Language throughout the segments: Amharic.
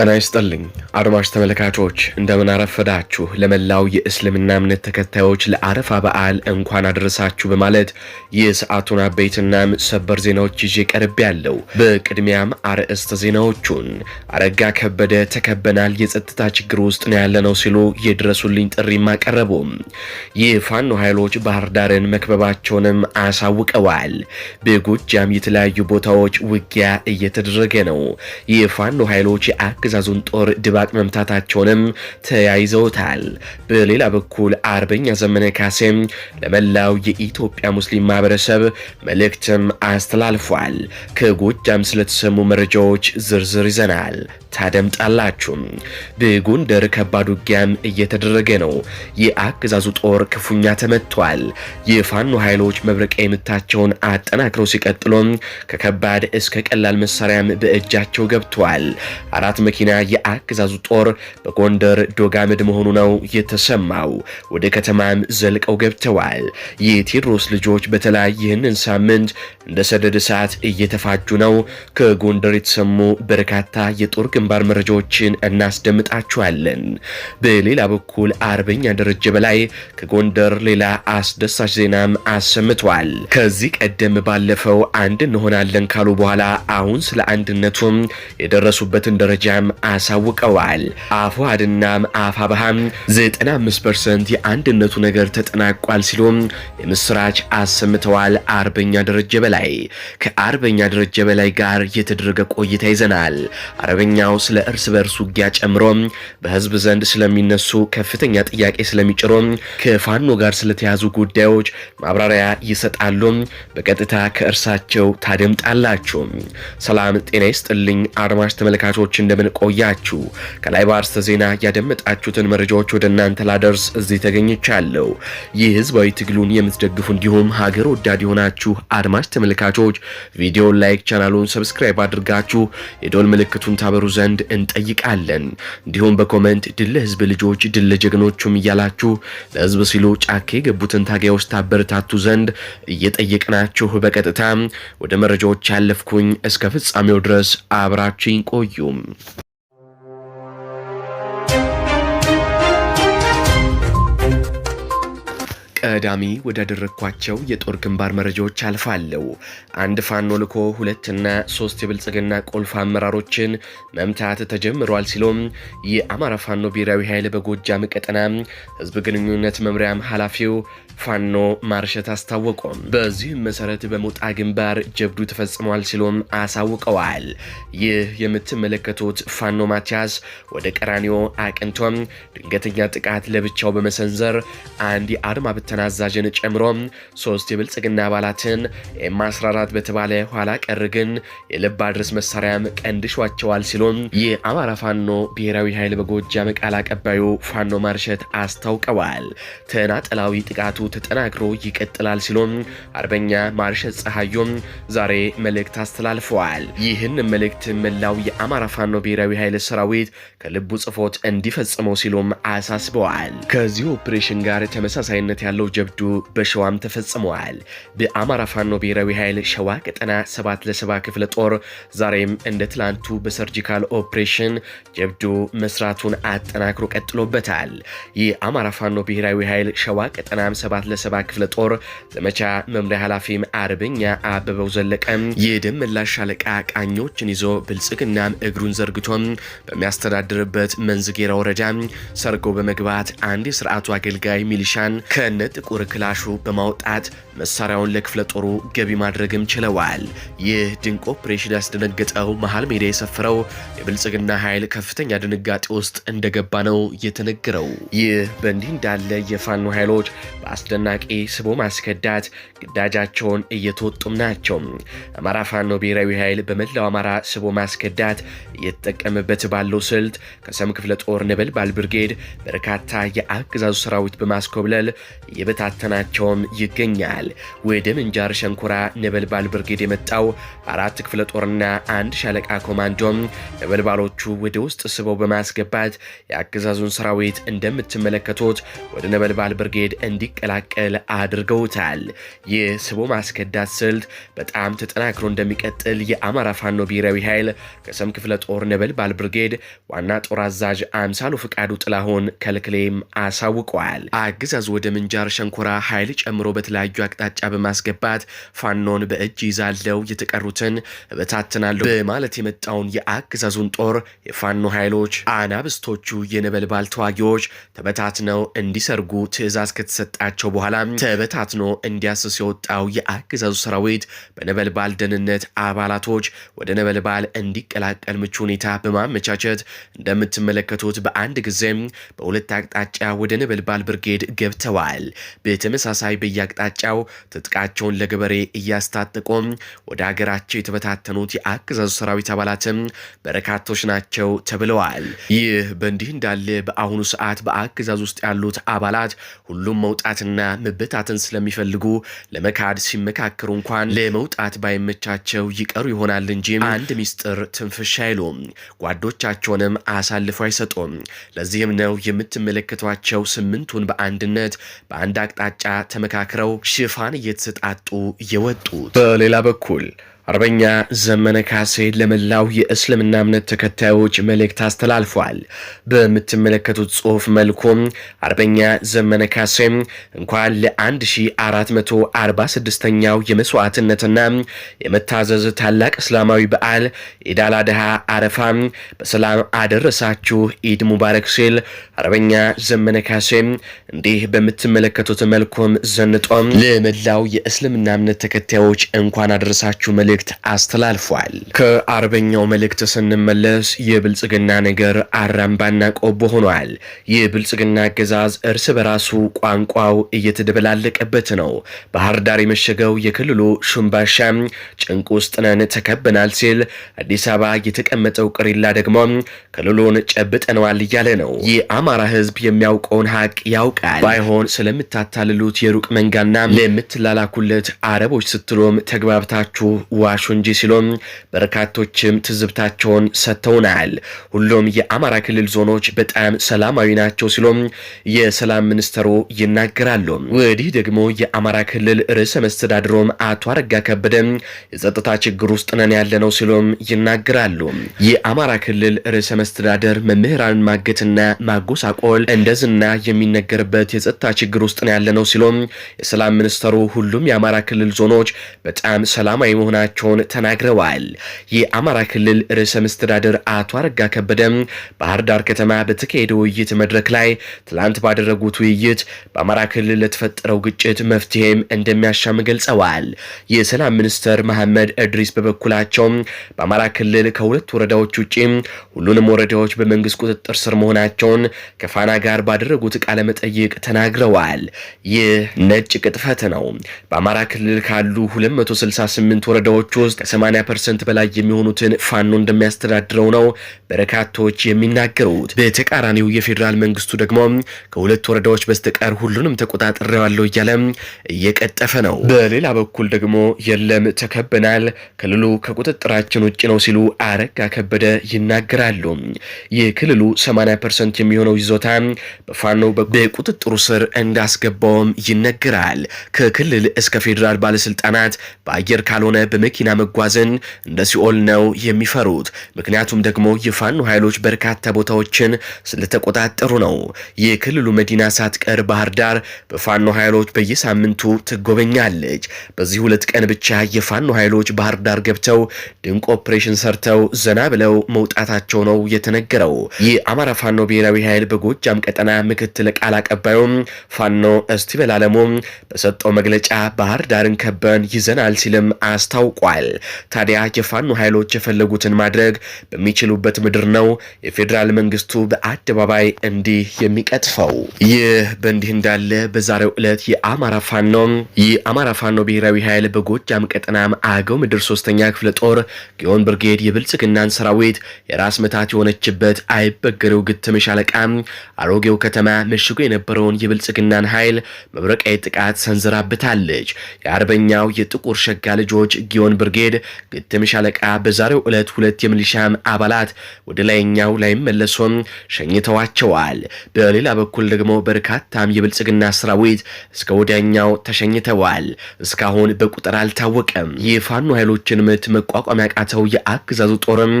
ጤና ይስጥልኝ አድማጭ ተመልካቾች፣ እንደምን አረፈዳችሁ። ለመላው የእስልምና እምነት ተከታዮች ለአረፋ በዓል እንኳን አደረሳችሁ በማለት የሰዓቱን አበይትና ሰበር ዜናዎች ይዤ ቀርብ ያለው። በቅድሚያም አርዕስተ ዜናዎቹን አረጋ ከበደ ተከበናል፣ የጸጥታ ችግር ውስጥ ነው ነው ሲሉ የድረሱልኝ ጥሪም አቀረቡ። የፋኖ ኃይሎች ባህር ዳርን መክበባቸውንም አሳውቀዋል። በጎጃም የተለያዩ ቦታዎች ውጊያ እየተደረገ ነው። የፋኖ ኃይሎች የአግ የአገዛዙን ጦር ድባቅ መምታታቸውንም ተያይዘውታል። በሌላ በኩል አርበኛ ዘመነ ካሴም ለመላው የኢትዮጵያ ሙስሊም ማህበረሰብ መልእክትም አስተላልፏል። ከጎጃም ስለተሰሙ መረጃዎች ዝርዝር ይዘናል፣ ታደምጣላችሁ። በጎንደር ከባድ ውጊያም እየተደረገ ነው። የአገዛዙ ጦር ክፉኛ ተመቷል። የፋኖ ኃይሎች መብረቃ የምታቸውን አጠናክረው ሲቀጥሉም ከከባድ እስከ ቀላል መሳሪያም በእጃቸው ገብተዋል። አራት መ መኪና የአገዛዙ ጦር በጎንደር ዶጋምድ መሆኑ ነው የተሰማው። ወደ ከተማም ዘልቀው ገብተዋል። የቴዎድሮስ ልጆች በተለይ ይህንን ሳምንት እንደ ሰደድ እሳት እየተፋጁ ነው። ከጎንደር የተሰሙ በርካታ የጦር ግንባር መረጃዎችን እናስደምጣችኋለን። በሌላ በኩል አርበኛ ደረጀ በላይ ከጎንደር ሌላ አስደሳች ዜናም አሰምቷል። ከዚህ ቀደም ባለፈው አንድ እንሆናለን ካሉ በኋላ አሁን ስለ አንድነቱም የደረሱበትን ደረጃም አሳውቀዋል። ና አፋብሃም 95% የአንድነቱ ነገር ተጠናቋል ሲሉም የምስራች አሰምተዋል። አርበኛ ደረጀ በላይ ከአርበኛ ደረጀ በላይ ጋር የተደረገ ቆይታ ይዘናል። አርበኛው ስለ እርስ በእርስ ውጊያ ጨምሮ በህዝብ ዘንድ ስለሚነሱ ከፍተኛ ጥያቄ ስለሚጭሩ ከፋኖ ጋር ስለተያዙ ጉዳዮች ማብራሪያ ይሰጣሉ። በቀጥታ ከእርሳቸው ታደምጣላችሁ። ሰላም ጤና ይስጥልኝ አድማጭ ተመልካቾች እንደምን ቆያችሁ። ከላይ በአርስተ ዜና ያደመጣችሁትን መረጃዎች ወደ እናንተ ላደርስ እዚህ ተገኝቻለሁ። ይህ ህዝባዊ ትግሉን የምትደግፉ እንዲሁም ሀገር ወዳድ የሆናችሁ አድማጭ ተመልካቾች ቪዲዮን ላይክ፣ ቻናሉን ሰብስክራይብ አድርጋችሁ የዶል ምልክቱን ታበሩ ዘንድ እንጠይቃለን። እንዲሁም በኮመንት ድል ህዝብ ልጆች ድል ጀግኖቹም እያላችሁ ለህዝብ ሲሉ ጫካ የገቡትን ታጋዮች ታበረታቱ ዘንድ እየጠየቅናችሁ በቀጥታ ወደ መረጃዎች ያለፍኩኝ እስከ ፍጻሜው ድረስ አብራችኝ ቆዩም። ቀዳሚ ወዳደረግኳቸው የጦር ግንባር መረጃዎች አልፋለሁ። አንድ ፋኖ ልኮ ሁለትና ሶስት የብልጽግና ቁልፍ አመራሮችን መምታት ተጀምሯል ሲሎም የአማራ ፋኖ ብሔራዊ ኃይል በጎጃም ቀጠና ህዝብ ግንኙነት መምሪያም ኃላፊው ፋኖ ማርሸት አስታወቁም። በዚህም መሰረት በሞጣ ግንባር ጀብዱ ተፈጽሟል ሲሎም አሳውቀዋል። ይህ የምትመለከቱት ፋኖ ማቲያስ ወደ ቀራኒዮ አቅንቶም ድንገተኛ ጥቃት ለብቻው በመሰንዘር አንድ የአድማ ምክትል አዛዥን ጨምሮ ሶስት የብልጽግና አባላትን ኤም 14 በተባለ ኋላ ቀር ግን የልብ አድረስ መሳሪያም ቀንድሿቸዋል ሲሉም የአማራ ፋኖ ብሔራዊ ኃይል በጎጃም ቃል አቀባዩ ፋኖ ማርሸት አስታውቀዋል። ተናጠላዊ ጥቃቱ ተጠናክሮ ይቀጥላል ሲሉ፣ አርበኛ ማርሸት ፀሐዮም ዛሬ መልእክት አስተላልፈዋል። ይህን መልእክት መላው የአማራ ፋኖ ብሔራዊ ኃይል ሰራዊት ከልቡ ጽፎት እንዲፈጽመው ሲሉም አሳስበዋል። ከዚህ ኦፕሬሽን ጋር ተመሳሳይነት ያለው ያለው ጀብዱ በሸዋም ተፈጽመዋል። በአማራ ፋኖ ብሔራዊ ኃይል ሸዋ ቀጠና 7 ለሰባ ክፍለ ጦር ዛሬም እንደ ትላንቱ በሰርጂካል ኦፕሬሽን ጀብዱ መስራቱን አጠናክሮ ቀጥሎበታል። የአማራ ፋኖ ብሔራዊ ኃይል ሸዋ ቀጠና 7 ለሰባ ክፍለ ጦር ዘመቻ መምሪያ ኃላፊም አርበኛ አበበው ዘለቀም የደም ምላሽ ሻለቃ ቃኞችን ይዞ ብልጽግናም እግሩን ዘርግቶም በሚያስተዳድርበት መንዝጌራ ወረዳ ሰርጎ በመግባት አንድ የስርዓቱ አገልጋይ ሚሊሻን ከነ ከጥቁር ክላሹ በማውጣት መሳሪያውን ለክፍለ ጦሩ ገቢ ማድረግም ችለዋል። ይህ ድንቅ ኦፕሬሽን ያስደነገጠው መሃል ሜዳ የሰፈረው የብልጽግና ኃይል ከፍተኛ ድንጋጤ ውስጥ እንደገባ ነው የተነገረው። ይህ በእንዲህ እንዳለ የፋኖ ኃይሎች በአስደናቂ ስቦ ማስከዳት ግዳጃቸውን እየተወጡም ናቸው። አማራ ፋኖ ብሔራዊ ኃይል በመላው አማራ ስቦ ማስከዳት እየተጠቀመበት ባለው ስልት ከሰም ክፍለ ጦር ነበልባል ብርጌድ በርካታ የአገዛዙ ሰራዊት በማስኮብለል የበታተናቸውም ይገኛል። ወደ ምንጃር ሸንኮራ ነበልባል ብርጌድ የመጣው አራት ክፍለ ጦርና አንድ ሻለቃ ኮማንዶም ነበልባሎቹ ወደ ውስጥ ስበው በማስገባት የአገዛዙን ሰራዊት እንደምትመለከቱት ወደ ነበልባል ብርጌድ እንዲቀላቀል አድርገውታል። ይህ ስቦ ማስከዳት ስልት በጣም ተጠናክሮ እንደሚቀጥል የአማራ ፋኖ ብሔራዊ ኃይል ከሰም ክፍለ ጦር ነበልባል ብርጌድ ዋና ጦር አዛዥ አምሳሉ ፍቃዱ ጥላሁን ከልክሌም አሳውቋል። አገዛዙ ወደ ምንጃር የአፋር ሸንኮራ ኃይል ጨምሮ በተለያዩ አቅጣጫ በማስገባት ፋኖን በእጅ ይዛለው የተቀሩትን እበታትናለሁ በማለት የመጣውን የአገዛዙን ጦር የፋኖ ኃይሎች አናብስቶቹ የነበልባል ተዋጊዎች ተበታትነው እንዲሰርጉ ትዕዛዝ ከተሰጣቸው በኋላ ተበታትኖ እንዲያስስ የወጣው የአገዛዙ ሰራዊት በነበልባል ደህንነት አባላቶች ወደ ነበልባል እንዲቀላቀል ምቹ ሁኔታ በማመቻቸት እንደምትመለከቱት በአንድ ጊዜም በሁለት አቅጣጫ ወደ ነበልባል ብርጌድ ገብተዋል። በተመሳሳይ በየአቅጣጫው ትጥቃቸውን ለገበሬ እያስታጠቁም ወደ ሀገራቸው የተበታተኑት የአገዛዙ ሰራዊት አባላትም በርካቶች ናቸው ተብለዋል። ይህ በእንዲህ እንዳለ በአሁኑ ሰዓት በአክዛዝ ውስጥ ያሉት አባላት ሁሉም መውጣትና መበታተን ስለሚፈልጉ ለመካድ ሲመካከሩ እንኳን ለመውጣት ባይመቻቸው ይቀሩ ይሆናል እንጂ አንድ ሚስጥር ትንፍሽ አይሉም፣ ጓዶቻቸውንም አሳልፎ አይሰጡም። ለዚህም ነው የምትመለከቷቸው ስምንቱን በአንድነት በአንድ አቅጣጫ ተመካክረው ሽፋን እየተሰጣጡ የወጡት። በሌላ በኩል አርበኛ ዘመነ ካሴ ለመላው የእስልምና እምነት ተከታዮች መልእክት አስተላልፏል። በምትመለከቱት ጽሑፍ መልኩ አርበኛ ዘመነ ካሴ እንኳን ለ1446ኛው የመስዋዕትነትና የመታዘዝ ታላቅ እስላማዊ በዓል ኢድ አል አድሃ አረፋ በሰላም አደረሳችሁ ኢድ ሙባረክ ሲል አርበኛ ዘመነ ካሴ እንዲህ በምትመለከቱት መልኩም ዘንጦም ለመላው የእስልምና እምነት ተከታዮች እንኳን አደረሳችሁ መልእክት መልእክት አስተላልፏል። ከአርበኛው መልእክት ስንመለስ የብልጽግና ነገር አራምባና ቆቦ ሆኗል። የብልጽግና አገዛዝ እርስ በራሱ ቋንቋው እየተደበላለቀበት ነው። ባህር ዳር የመሸገው የክልሉ ሹምባሻ ጭንቅ ውስጥ ነን ሲል፣ አዲስ አበባ የተቀመጠው ቅሪላ ደግሞ ክልሉን ጨብጠነዋል እያለ ነው። የአማራ ህዝብ የሚያውቀውን ሀቅ ያውቃል። ባይሆን ስለምታታልሉት የሩቅ መንጋና ለምትላላኩለት አረቦች ስትሎም ተግባብታችሁ ዋሹ እንጂ ሲሎም በርካቶችም ትዝብታቸውን ሰጥተውናል። ሁሉም የአማራ ክልል ዞኖች በጣም ሰላማዊ ናቸው ሲሎም የሰላም ሚኒስተሩ ይናገራሉ። ወዲህ ደግሞ የአማራ ክልል ርዕሰ መስተዳድሮም አቶ አረጋ ከበደ የጸጥታ ችግር ውስጥ ነን ነው ሲሎም ይናገራሉ። የአማራ ክልል ርዕሰ መስተዳደር መምህራን ማገትና ማጎሳቆል እንደዝና የሚነገርበት የጸጥታ ችግር ውስጥ ነው ነው ሲሎም የሰላም ሚኒስተሩ ሁሉም የአማራ ክልል ዞኖች በጣም ሰላማዊ መሆናቸው መሆናቸውን ተናግረዋል። የአማራ ክልል ርዕሰ መስተዳደር አቶ አረጋ ከበደም ባህር ዳር ከተማ በተካሄደ ውይይት መድረክ ላይ ትላንት ባደረጉት ውይይት በአማራ ክልል ለተፈጠረው ግጭት መፍትሄም እንደሚያሻም ገልጸዋል። የሰላም ሚኒስትር መሐመድ እድሪስ በበኩላቸው በአማራ ክልል ከሁለት ወረዳዎች ውጭ ሁሉንም ወረዳዎች በመንግስት ቁጥጥር ስር መሆናቸውን ከፋና ጋር ባደረጉት ቃለ መጠይቅ ተናግረዋል። ይህ ነጭ ቅጥፈት ነው። በአማራ ክልል ካሉ 268 ወረዳዎች ቀጠናዎች ውስጥ ከ80 ፐርሰንት በላይ የሚሆኑትን ፋኖ እንደሚያስተዳድረው ነው በርካቶች የሚናገሩት። በተቃራኒው የፌዴራል መንግስቱ ደግሞ ከሁለት ወረዳዎች በስተቀር ሁሉንም ተቆጣጥሬዋለሁ እያለ እየቀጠፈ ነው። በሌላ በኩል ደግሞ የለም ተከበናል፣ ክልሉ ከቁጥጥራችን ውጭ ነው ሲሉ አረጋ ከበደ ይናገራሉ። የክልሉ 80 ፐርሰንት የሚሆነው ይዞታ በፋኖ በቁጥጥሩ ስር እንዳስገባውም ይነገራል። ከክልል እስከ ፌዴራል ባለስልጣናት በአየር ካልሆነ በመ በመኪና መጓዝን እንደ ሲኦል ነው የሚፈሩት። ምክንያቱም ደግሞ የፋኖ ኃይሎች በርካታ ቦታዎችን ስለተቆጣጠሩ ነው። የክልሉ መዲና ሳትቀር ባህር ዳር በፋኖ ኃይሎች በየሳምንቱ ትጎበኛለች። በዚህ ሁለት ቀን ብቻ የፋኖ ኃይሎች ባህር ዳር ገብተው ድንቅ ኦፕሬሽን ሰርተው ዘና ብለው መውጣታቸው ነው የተነገረው። የአማራ ፋኖ ብሔራዊ ኃይል በጎጃም ቀጠና ምክትል ቃል አቀባዩም ፋኖ እስቲ በሰጠው መግለጫ ባህር ዳርን ከበን ይዘናል ሲልም አስታውቋል። አስታውቋል። ታዲያ የፋኖ ኃይሎች የፈለጉትን ማድረግ በሚችሉበት ምድር ነው የፌዴራል መንግስቱ በአደባባይ እንዲህ የሚቀጥፈው። ይህ በእንዲህ እንዳለ በዛሬው ዕለት የአማራ ፋኖ የአማራ ፋኖ ብሔራዊ ኃይል በጎጃም ቀጠና አገው ምድር ሶስተኛ ክፍለ ጦር ጊዮን ብርጌድ የብልጽግናን ሰራዊት የራስ ምታት የሆነችበት አይበገሬው ግትም ሻለቃ አሮጌው ከተማ መሽጎ የነበረውን የብልጽግናን ኃይል መብረቃዊ ጥቃት ሰንዝራብታለች። የአርበኛው የጥቁር ሸጋ ልጆች ጊዮን ሚሊዮን ብርጌድ ግትም ሻለቃ በዛሬው ዕለት ሁለት የሚሊሻ አባላት ወደ ላይኛው ላይመለሱም ሸኝተዋቸዋል። በሌላ በኩል ደግሞ በርካታም የብልጽግና ሰራዊት እስከ ወዲያኛው ተሸኝተዋል። እስካሁን በቁጥር አልታወቀም። የፋኖ ኃይሎችን ምት መቋቋም ያቃተው የአገዛዙ ጦርም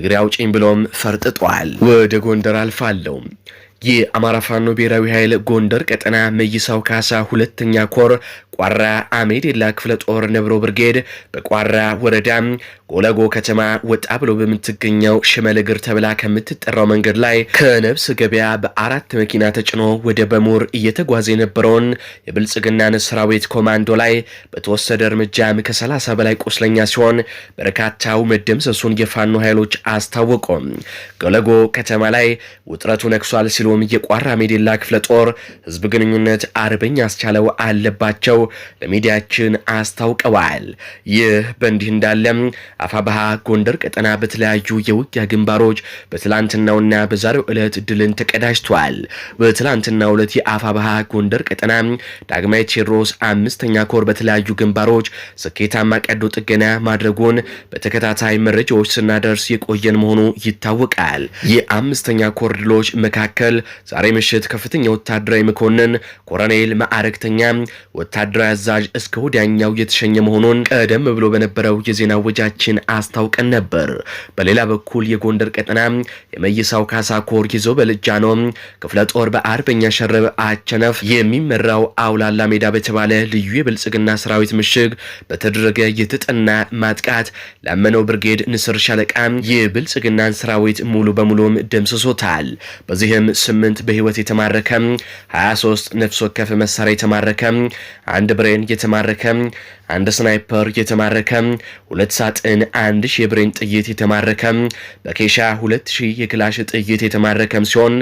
እግሬ አውጪኝ ብሎም ፈርጥጧል። ወደ ጎንደር አልፋለሁ። የአማራ ፋኖ ብሔራዊ ኃይል ጎንደር ቀጠና መይሳው ካሳ ሁለተኛ ኮር ቋራ አሜዴላ ክፍለ ጦር ነብሮ ብርጌድ በቋራ ወረዳ ጎለጎ ከተማ ወጣ ብሎ በምትገኘው ሽመልግር ተብላ ከምትጠራው መንገድ ላይ ከነብስ ገበያ በአራት መኪና ተጭኖ ወደ በሙር እየተጓዘ የነበረውን የብልጽግናን ሰራዊት ኮማንዶ ላይ በተወሰደ እርምጃም ከ30 በላይ ቁስለኛ ሲሆን በርካታው መደምሰሱን የፋኖ ኃይሎች አስታወቁ። ጎለጎ ከተማ ላይ ውጥረቱ ነግሷል ሲሉ እንዲሁም የቋራ ሜዴላ ክፍለ ጦር ህዝብ ግንኙነት አርበኛ አስቻለው አለባቸው ለሚዲያችን አስታውቀዋል። ይህ በእንዲህ እንዳለም አፋባሃ ጎንደር ቀጠና በተለያዩ የውጊያ ግንባሮች በትላንትናውና በዛሬው ዕለት ድልን ተቀዳጅቷል። በትላንትናው ዕለት የአፋባሃ ጎንደር ቀጠና ዳግማዊ ቴዎድሮስ አምስተኛ ኮር በተለያዩ ግንባሮች ስኬታማ ቀዶ ጥገና ማድረጉን በተከታታይ መረጃዎች ስናደርስ የቆየን መሆኑ ይታወቃል። የአምስተኛ ኮር ድሎች መካከል ዛሬ ምሽት ከፍተኛ ወታደራዊ መኮንን ኮረኔል ማዕረግተኛ ወታደራዊ አዛዥ እስከ ወዲያኛው የተሸኘ መሆኑን ቀደም ብሎ በነበረው የዜና ወጃችን አስታውቀን ነበር። በሌላ በኩል የጎንደር ቀጠና የመይሳው ካሳ ኮር ይዞ ነው ክፍለ ጦር በአርበኛ ሸረብ አቸነፍ የሚመራው አውላላ ሜዳ በተባለ ልዩ የብልጽግና ሰራዊት ምሽግ በተደረገ የተጠና ማጥቃት ላመነው ብርጌድ ንስር ሻለቃ የብልጽግናን ሰራዊት ሙሉ በሙሉም ደምስሶታል። በዚህም ስምንት በህይወት የተማረከ 23 ነፍስ ወከፍ መሳሪያ የተማረከ አንድ ብሬን የተማረከ አንድ ስናይፐር የተማረከ፣ ሁለት ሳጥን፣ አንድ ሺህ የብሬን ጥይት የተማረከ፣ በኬሻ ሁለት ሺህ የክላሽ ጥይት የተማረከም ሲሆን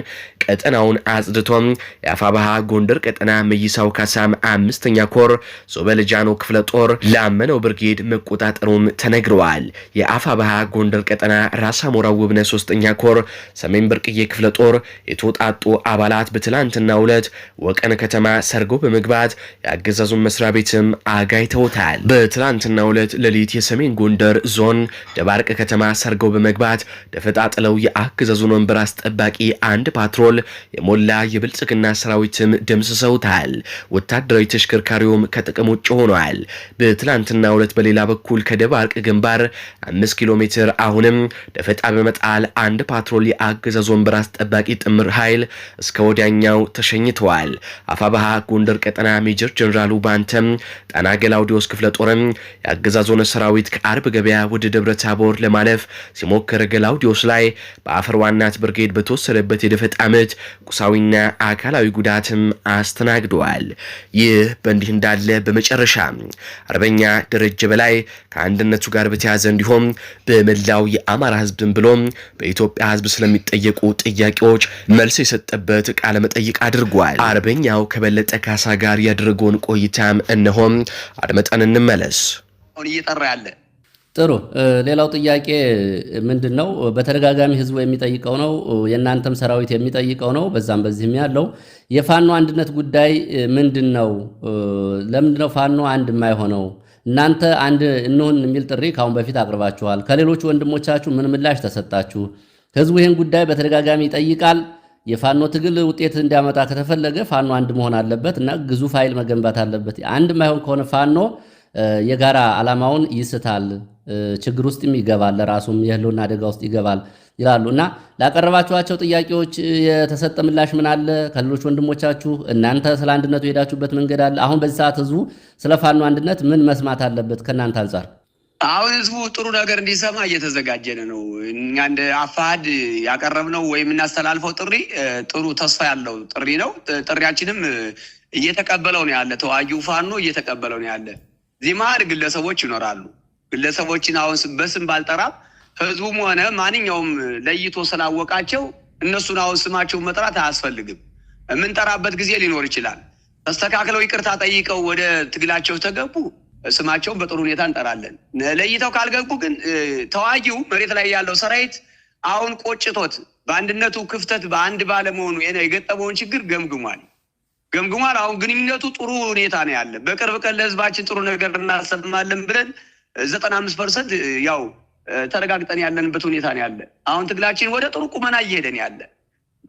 ቀጠናውን አጽድቶም የአፋባሃ ጎንደር ቀጠና መይሳው ካሳም አምስተኛ ኮር ሶበልጃኖ ክፍለ ጦር ላመነው ብርጌድ መቆጣጠሩም ተነግረዋል። የአፋባሃ ጎንደር ቀጠና ራሳ ሞራ ውብነ ሶስተኛ ኮር ሰሜን ብርቅዬ ክፍለ ጦር የተውጣጡ አባላት በትላንትና ሁለት ወቀን ከተማ ሰርጎ በመግባት የአገዛዙን መስሪያ ቤትም አጋይተው አድርገውታል። በትናንትና ሁለት ሌሊት የሰሜን ጎንደር ዞን ደባርቅ ከተማ ሰርገው በመግባት ደፈጣ ጥለው የአገዛዙን ወንበር አስጠባቂ አንድ ፓትሮል የሞላ የብልጽግና ሰራዊትም ደምስሰውታል። ወታደራዊ ተሽከርካሪውም ከጥቅም ውጭ ሆኗል። በትናንትና ሁለት በሌላ በኩል ከደባርቅ ግንባር አምስት ኪሎ ሜትር አሁንም ደፈጣ በመጣል አንድ ፓትሮል የአገዛዙ ወንበር አስጠባቂ ጥምር ኃይል እስከ ወዲያኛው ተሸኝተዋል። አፋባሃ ጎንደር ቀጠና ሜጀር ጀኔራሉ ባንተም ጣና ገላውዲዮስ ቴዎድሮስ ክፍለ ጦርም የአገዛዞነ ሰራዊት ከአርብ ገበያ ወደ ደብረ ታቦር ለማለፍ ሲሞከር ገላውዲዮስ ላይ በአፈር ዋናት ብርጌድ በተወሰደበት የደፈጣ ምት ቁሳዊና አካላዊ ጉዳትም አስተናግደዋል። ይህ በእንዲህ እንዳለ በመጨረሻ አርበኛ ደረጀ በላይ ከአንድነቱ ጋር በተያዘ እንዲሁም በመላው የአማራ ህዝብን ብሎም በኢትዮጵያ ህዝብ ስለሚጠየቁ ጥያቄዎች መልስ የሰጠበት ቃለ መጠይቅ አድርጓል። አርበኛው ከበለጠ ካሳ ጋር ያደረገውን ቆይታም እነሆም አድመጠ አጥብቀን እንመለስ። እየጠራ ያለ ጥሩ። ሌላው ጥያቄ ምንድን ነው? በተደጋጋሚ ህዝቡ የሚጠይቀው ነው፣ የእናንተም ሰራዊት የሚጠይቀው ነው። በዛም በዚህም ያለው የፋኖ አንድነት ጉዳይ ምንድን ነው? ለምንድን ነው ፋኖ አንድ የማይሆነው? እናንተ አንድ እንሁን የሚል ጥሪ ከአሁን በፊት አቅርባችኋል። ከሌሎቹ ወንድሞቻችሁ ምን ምላሽ ተሰጣችሁ? ህዝቡ ይህን ጉዳይ በተደጋጋሚ ይጠይቃል። የፋኖ ትግል ውጤት እንዲያመጣ ከተፈለገ ፋኖ አንድ መሆን አለበት እና ግዙፍ ኃይል መገንባት አለበት። አንድ ማይሆን ከሆነ ፋኖ የጋራ ዓላማውን ይስታል፣ ችግር ውስጥም ይገባል፣ ለራሱም የህልውና አደጋ ውስጥ ይገባል ይላሉ እና ላቀረባችኋቸው ጥያቄዎች የተሰጠ ምላሽ ምን አለ? ከሌሎች ወንድሞቻችሁ እናንተ ስለ አንድነቱ የሄዳችሁበት መንገድ አለ? አሁን በዚህ ሰዓት ህዝቡ ስለ ፋኖ አንድነት ምን መስማት አለበት ከእናንተ አንጻር? አሁን ህዝቡ ጥሩ ነገር እንዲሰማ እየተዘጋጀን ነው። እኛ እንደ አፋሃድ ያቀረብነው ወይም እናስተላልፈው ጥሪ ጥሩ ተስፋ ያለው ጥሪ ነው። ጥሪያችንም እየተቀበለው ነው ያለ ተዋጊው ፋኖ እየተቀበለው ነው ያለ። እዚህ መሀል ግለሰቦች ይኖራሉ። ግለሰቦችን አሁን በስም ባልጠራም ህዝቡም ሆነ ማንኛውም ለይቶ ስላወቃቸው እነሱን አሁን ስማቸውን መጥራት አያስፈልግም። የምንጠራበት ጊዜ ሊኖር ይችላል። ተስተካክለው ይቅርታ ጠይቀው ወደ ትግላቸው ተገቡ ስማቸውን በጥሩ ሁኔታ እንጠራለን። ለይተው ካልገቡ ግን ተዋጊው መሬት ላይ ያለው ሰራዊት አሁን ቆጭቶት በአንድነቱ ክፍተት በአንድ ባለመሆኑ የገጠመውን ችግር ገምግሟል ገምግሟል። አሁን ግንኙነቱ ጥሩ ሁኔታ ነው ያለ። በቅርብ ቀን ለህዝባችን ጥሩ ነገር እናሰማለን ብለን ዘጠና አምስት ፐርሰንት ያው ተረጋግጠን ያለንበት ሁኔታ ነው ያለ። አሁን ትግላችን ወደ ጥሩ ቁመና እየሄደን ያለ፣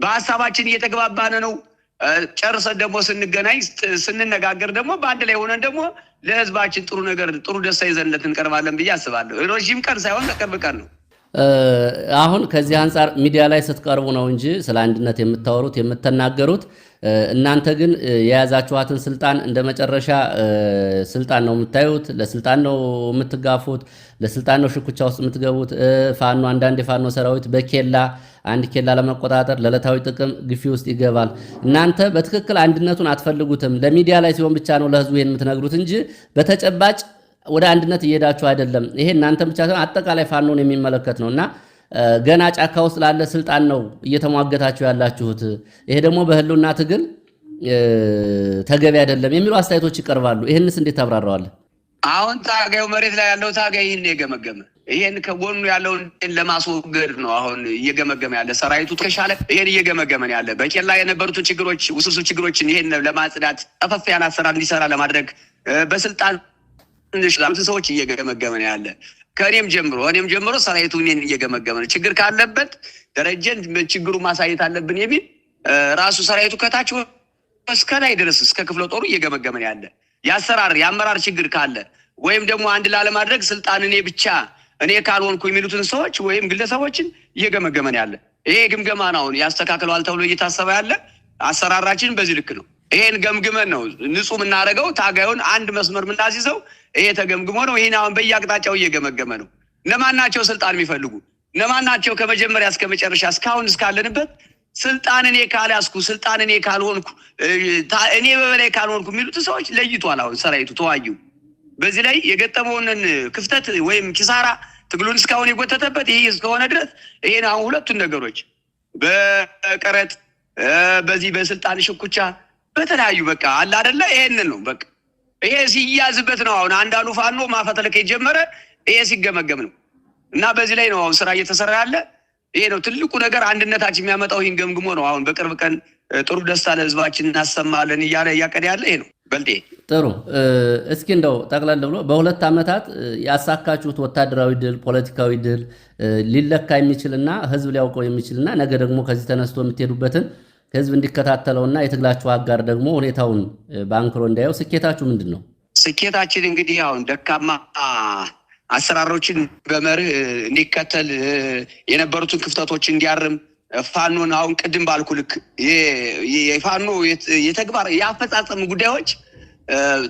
በሀሳባችን እየተገባባነ ነው። ጨርሰን ደግሞ ስንገናኝ ስንነጋገር ደግሞ በአንድ ላይ ሆነን ደግሞ ለህዝባችን ጥሩ ነገር ጥሩ ደስታ ይዘንለት እንቀርባለን ብዬ አስባለሁ። ረዥም ቀን ሳይሆን ቅርብ ቀን ነው። አሁን ከዚህ አንጻር ሚዲያ ላይ ስትቀርቡ ነው እንጂ ስለ አንድነት የምታወሩት የምትናገሩት። እናንተ ግን የያዛችኋትን ስልጣን እንደ መጨረሻ ስልጣን ነው የምታዩት፣ ለስልጣን ነው የምትጋፉት፣ ለስልጣን ነው ሽኩቻ ውስጥ የምትገቡት። ፋኖ አንዳንድ የፋኖ ሰራዊት በኬላ አንድ ኬላ ለመቆጣጠር ለዕለታዊ ጥቅም ግፊ ውስጥ ይገባል። እናንተ በትክክል አንድነቱን አትፈልጉትም። ለሚዲያ ላይ ሲሆን ብቻ ነው ለህዝቡ ይህን የምትነግሩት እንጂ በተጨባጭ ወደ አንድነት እየሄዳችሁ አይደለም። ይሄ እናንተ ብቻ ሳይሆን አጠቃላይ ፋኖን የሚመለከት ነው እና ገና ጫካ ውስጥ ላለ ስልጣን ነው እየተሟገታችሁ ያላችሁት። ይሄ ደግሞ በህልውና ትግል ተገቢ አይደለም የሚሉ አስተያየቶች ይቀርባሉ። ይህንስ እንዴት ታብራራዋለህ? አሁን ታጋዩ መሬት ላይ ያለው ታጋይ ይህን የገመገመ ይሄን ከጎኑ ያለውን ለማስወገድ ነው አሁን እየገመገመ ያለ ሰራዊቱ ከሻለ ይሄን እየገመገመ ያለ በቄላ የነበሩት ችግሮች ውስብስብ ችግሮችን ይሄን ለማጽዳት ጠፈፍ ያለ አሰራር እንዲሰራ ለማድረግ በስልጣን ትንሽ አምስት ሰዎች እየገመገመ ነው ያለ ከእኔም ጀምሮ እኔም ጀምሮ ሰራዊቱ እኔን እየገመገመ ነው። ችግር ካለበት ደረጀን ችግሩ ማሳየት አለብን የሚል ራሱ ሰራዊቱ ከታች እስከ ላይ ድረስ እስከ ክፍለ ጦሩ እየገመገመ ነው ያለ። የአሰራር የአመራር ችግር ካለ ወይም ደግሞ አንድ ላለማድረግ ስልጣን እኔ ብቻ እኔ ካልሆንኩ የሚሉትን ሰዎች ወይም ግለሰቦችን እየገመገመ ነው ያለ። ይሄ ግምገማ ነው አሁን ያስተካክለዋል ተብሎ እየታሰበ ያለ። አሰራራችን በዚህ ልክ ነው። ይሄን ገምግመን ነው ንጹህ የምናደርገው። ታጋዩን አንድ መስመር የምናስይዘው ይሄ ተገምግሞ ነው። ይህን አሁን በየአቅጣጫው እየገመገመ ነው። እነማን ናቸው ስልጣን የሚፈልጉ? እነማን ናቸው ከመጀመሪያ እስከ መጨረሻ እስካሁን እስካለንበት ስልጣን እኔ ካልያዝኩ፣ ስልጣን እኔ ካልሆንኩ፣ እኔ በበላይ ካልሆንኩ የሚሉት ሰዎች ለይቷል። አሁን ሰራዊቱ ተዋዩ። በዚህ ላይ የገጠመውንን ክፍተት ወይም ኪሳራ ትግሉን እስካሁን የጎተተበት ይህ እስከሆነ ድረስ ይሄን አሁን ሁለቱን ነገሮች በቀረጥ በዚህ በስልጣን ሽኩቻ በተለያዩ በቃ አለ አደለ ይሄንን ነው በቃ ይሄ ሲያዝበት ነው። አሁን አንዳንዱ ፋኖ ማፈተለክ የጀመረ ይሄ ሲገመገም ነው። እና በዚህ ላይ ነው አሁን ስራ እየተሰራ ያለ። ይሄ ነው ትልቁ ነገር አንድነታችን የሚያመጣው ይህን ገምግሞ ነው። አሁን በቅርብ ቀን ጥሩ ደስታ ለህዝባችን እናሰማለን እያለ እያቀደ ያለ ይሄ ነው። በልጤ ጥሩ። እስኪ እንደው ጠቅለል ብሎ በሁለት ዓመታት ያሳካችሁት ወታደራዊ ድል፣ ፖለቲካዊ ድል ሊለካ የሚችልና ህዝብ ሊያውቀው የሚችልና ነገ ደግሞ ከዚህ ተነስቶ የምትሄዱበትን ህዝብ እንዲከታተለውና የትግላችሁ አጋር ደግሞ ሁኔታውን በአንክሮ እንዳየው ስኬታችሁ ምንድን ነው? ስኬታችን እንግዲህ አሁን ደካማ አሰራሮችን በመርህ እንዲከተል የነበሩትን ክፍተቶች እንዲያርም ፋኖን አሁን ቅድም ባልኩ ልክ የፋኖ የተግባር የአፈጻጸም ጉዳዮች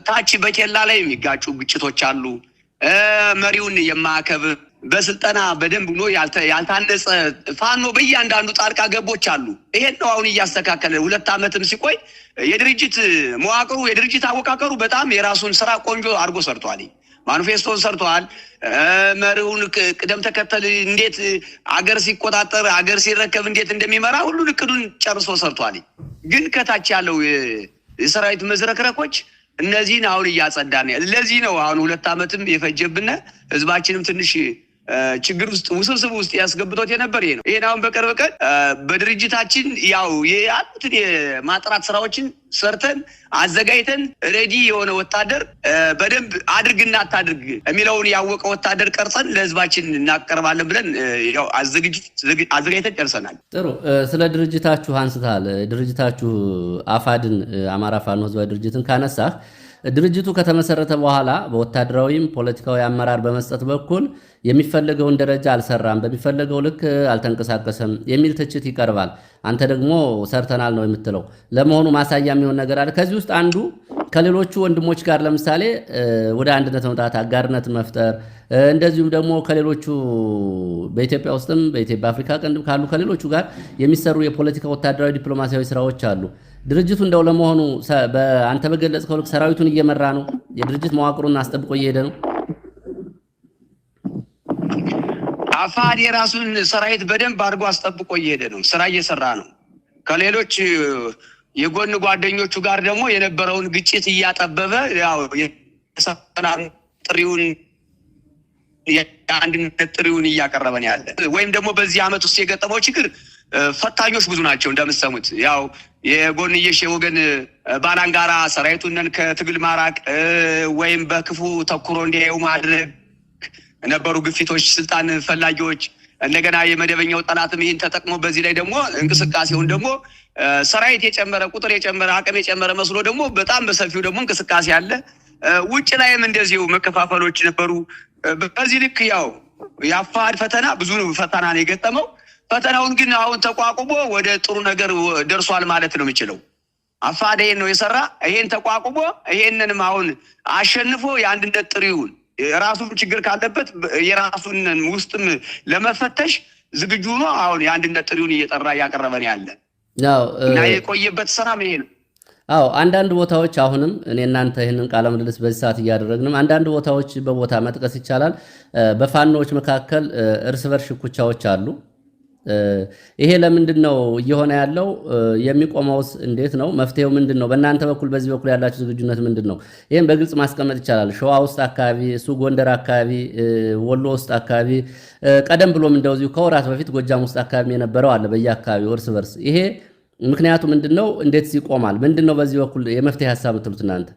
ታች በኬላ ላይ የሚጋጩ ግጭቶች አሉ። መሪውን የማያከብር በስልጠና በደንብ ኖ ያልታነጸ ፋኖ በእያንዳንዱ ጣልቃ ገቦች አሉ። ይሄን ነው አሁን እያስተካከለ ሁለት ዓመትም ሲቆይ የድርጅት መዋቅሩ የድርጅት አወቃቀሩ በጣም የራሱን ስራ ቆንጆ አድርጎ ሰርቷል። ማኒፌስቶን ሰርተዋል። መሪውን ቅደም ተከተል እንዴት አገር ሲቆጣጠር አገር ሲረከብ እንዴት እንደሚመራ ሁሉን እቅዱን ጨርሶ ሰርቷል። ግን ከታች ያለው የሰራዊት መዝረክረኮች እነዚህን አሁን እያጸዳን ለዚህ ነው አሁን ሁለት ዓመትም የፈጀብን ህዝባችንም ትንሽ ችግር ውስጥ ውስብስብ ውስጥ ያስገብቶት የነበር ይሄ ነው። ይሄን አሁን በቅርብ ቀን በድርጅታችን ያው ያሉትን የማጥራት ስራዎችን ሰርተን አዘጋጅተን ሬዲ የሆነ ወታደር በደንብ አድርግና አታድርግ የሚለውን ያወቀ ወታደር ቀርጸን ለህዝባችን እናቀርባለን ብለን አዘጋጅተን ጨርሰናል። ጥሩ። ስለ ድርጅታችሁ አንስተሃል። ድርጅታችሁ አፋድን አማራ ፋኖ ህዝባዊ ድርጅትን ካነሳህ ድርጅቱ ከተመሰረተ በኋላ በወታደራዊም ፖለቲካዊ አመራር በመስጠት በኩል የሚፈለገውን ደረጃ አልሰራም፣ በሚፈለገው ልክ አልተንቀሳቀሰም የሚል ትችት ይቀርባል። አንተ ደግሞ ሰርተናል ነው የምትለው። ለመሆኑ ማሳያ የሚሆን ነገር አለ? ከዚህ ውስጥ አንዱ ከሌሎቹ ወንድሞች ጋር ለምሳሌ ወደ አንድነት መምጣት፣ አጋርነት መፍጠር፣ እንደዚሁም ደግሞ ከሌሎቹ በኢትዮጵያ ውስጥም በኢትዮጵያ አፍሪካ ቀንድም ካሉ ከሌሎቹ ጋር የሚሰሩ የፖለቲካ ወታደራዊ፣ ዲፕሎማሲያዊ ስራዎች አሉ። ድርጅቱ እንደው ለመሆኑ አንተ በገለጽከው ልክ ሰራዊቱን እየመራ ነው? የድርጅት መዋቅሩን አስጠብቆ እየሄደ ነው? አፋድ የራሱን ሰራዊት በደንብ አድርጎ አስጠብቆ እየሄደ ነው። ስራ እየሰራ ነው። ከሌሎች የጎን ጓደኞቹ ጋር ደግሞ የነበረውን ግጭት እያጠበበ ያው ጥሪውን የአንድነት ጥሪውን እያቀረበን ያለ። ወይም ደግሞ በዚህ አመት ውስጥ የገጠመው ችግር ፈታኞች ብዙ ናቸው። እንደምሰሙት ያው የጎንየሽ የወገን ባላንጋራ ሰራዊቱንን ከትግል ማራቅ ወይም በክፉ ተኩሮ እንዲያዩ ማድረግ ነበሩ ግፊቶች፣ ስልጣን ፈላጊዎች እንደገና የመደበኛው ጠላትም ይህን ተጠቅሞ በዚህ ላይ ደግሞ እንቅስቃሴውን ደግሞ ሰራዊት የጨመረ ቁጥር የጨመረ አቅም የጨመረ መስሎ ደግሞ በጣም በሰፊው ደግሞ እንቅስቃሴ አለ። ውጭ ላይም እንደዚሁ መከፋፈሎች ነበሩ። በዚህ ልክ ያው የአፋድ ፈተና ብዙ ፈተና ነው የገጠመው። ፈተናውን ግን አሁን ተቋቁሞ ወደ ጥሩ ነገር ደርሷል ማለት ነው የሚችለው። አፋደይን ነው የሰራ። ይሄን ተቋቁሞ ይሄንንም አሁን አሸንፎ የአንድነት ጥሪውን የራሱን ችግር ካለበት የራሱን ውስጥም ለመፈተሽ ዝግጁ ነው። አሁን የአንድነት ጥሪውን እየጠራ እያቀረበን ያለ እና የቆየበት ስራ ይሄ ነው። አዎ አንዳንድ ቦታዎች አሁንም እኔ እናንተ ይህንን ቃለ ምልልስ በዚህ ሰዓት እያደረግንም አንዳንድ ቦታዎች በቦታ መጥቀስ ይቻላል። በፋኖዎች መካከል እርስ በርስ ሽኩቻዎች አሉ። ይሄ ለምንድን ነው እየሆነ ያለው? የሚቆመውስ እንዴት ነው? መፍትሄው ምንድን ነው? በእናንተ በኩል በዚህ በኩል ያላችሁ ዝግጁነት ምንድን ነው? ይህም በግልጽ ማስቀመጥ ይቻላል። ሸዋ ውስጥ አካባቢ እሱ ጎንደር አካባቢ፣ ወሎ ውስጥ አካባቢ፣ ቀደም ብሎም እንደዚሁ ከወራት በፊት ጎጃም ውስጥ አካባቢ የነበረው አለ በየአካባቢው እርስ በርስ። ይሄ ምክንያቱ ምንድን ነው? እንዴትስ ይቆማል? ምንድን ነው በዚህ በኩል የመፍትሄ ሀሳብ ምትሉት እናንተ?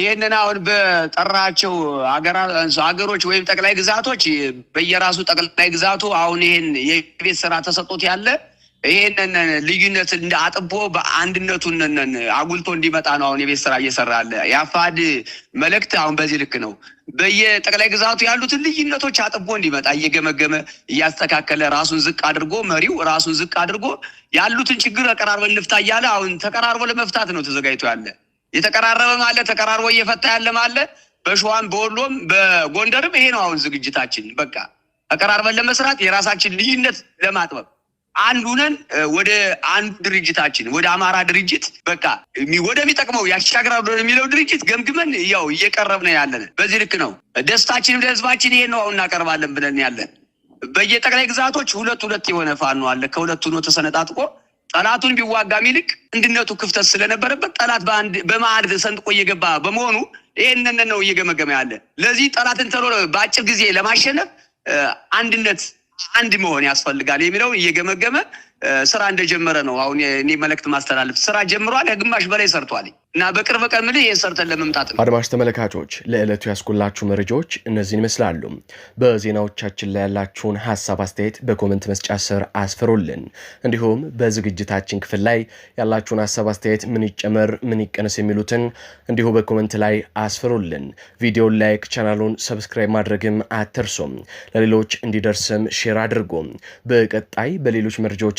ይህንን አሁን በጠራቸው ሀገሮች ወይም ጠቅላይ ግዛቶች በየራሱ ጠቅላይ ግዛቱ አሁን ይህን የቤት ስራ ተሰጦት ያለ ይህንን ልዩነት አጥቦ በአንድነቱን አጉልቶ እንዲመጣ ነው አሁን የቤት ስራ እየሰራ ያለ። የአፋድ መልእክት አሁን በዚህ ልክ ነው። በየጠቅላይ ግዛቱ ያሉትን ልዩነቶች አጥቦ እንዲመጣ እየገመገመ እያስተካከለ ራሱን ዝቅ አድርጎ መሪው ራሱን ዝቅ አድርጎ ያሉትን ችግር ተቀራርበን እንፍታ እያለ አሁን ተቀራርቦ ለመፍታት ነው ተዘጋጅቶ ያለ። የተቀራረበም አለ፣ ተቀራርቦ እየፈታ ያለም አለ። በሸዋም በወሎም በጎንደርም ይሄ ነው አሁን ዝግጅታችን። በቃ ተቀራርበን ለመስራት የራሳችን ልዩነት ለማጥበብ አንዱ ነን። ወደ አንዱ ድርጅታችን ወደ አማራ ድርጅት በቃ ወደሚጠቅመው ያሻግራሉ የሚለው ድርጅት ገምግመን ያው እየቀረብን ያለን በዚህ ልክ ነው። ደስታችንም ለህዝባችን ይሄን ነው አሁን እናቀርባለን ብለን ያለን በየጠቅላይ ግዛቶች ሁለት ሁለት የሆነ ፋኖ አለ። ከሁለቱ ነው ተሰነጣጥቆ ጠላቱን ቢዋጋ ሚልቅ እንድነቱ ክፍተት ስለነበረበት ጠላት በመሀል ሰንጥቆ እየገባ በመሆኑ ይህንን ነው እየገመገመ ያለ። ለዚህ ጠላትን ተሎ በአጭር ጊዜ ለማሸነፍ አንድነት አንድ መሆን ያስፈልጋል የሚለው እየገመገመ ስራ እንደጀመረ ነው። አሁን እኔ መልእክት ማስተላለፍ ስራ ጀምሯል። ከግማሽ በላይ ሰርቷል እና በቅርብ ቀን ምን ይህን ሰርተን ለመምጣት ነው። አድማሽ ተመልካቾች ለዕለቱ ያስኩላችሁ መረጃዎች እነዚህን ይመስላሉ። በዜናዎቻችን ላይ ያላችሁን ሀሳብ አስተያየት በኮመንት መስጫ ስር አስፈሩልን። እንዲሁም በዝግጅታችን ክፍል ላይ ያላችሁን ሀሳብ አስተያየት፣ ምን ይጨመር፣ ምን ይቀነስ የሚሉትን እንዲሁ በኮመንት ላይ አስፈሩልን። ቪዲዮን ላይክ፣ ቻናሉን ሰብስክራይብ ማድረግም አትርሱም። ለሌሎች እንዲደርስም ሼር አድርጉ። በቀጣይ በሌሎች መረጃዎች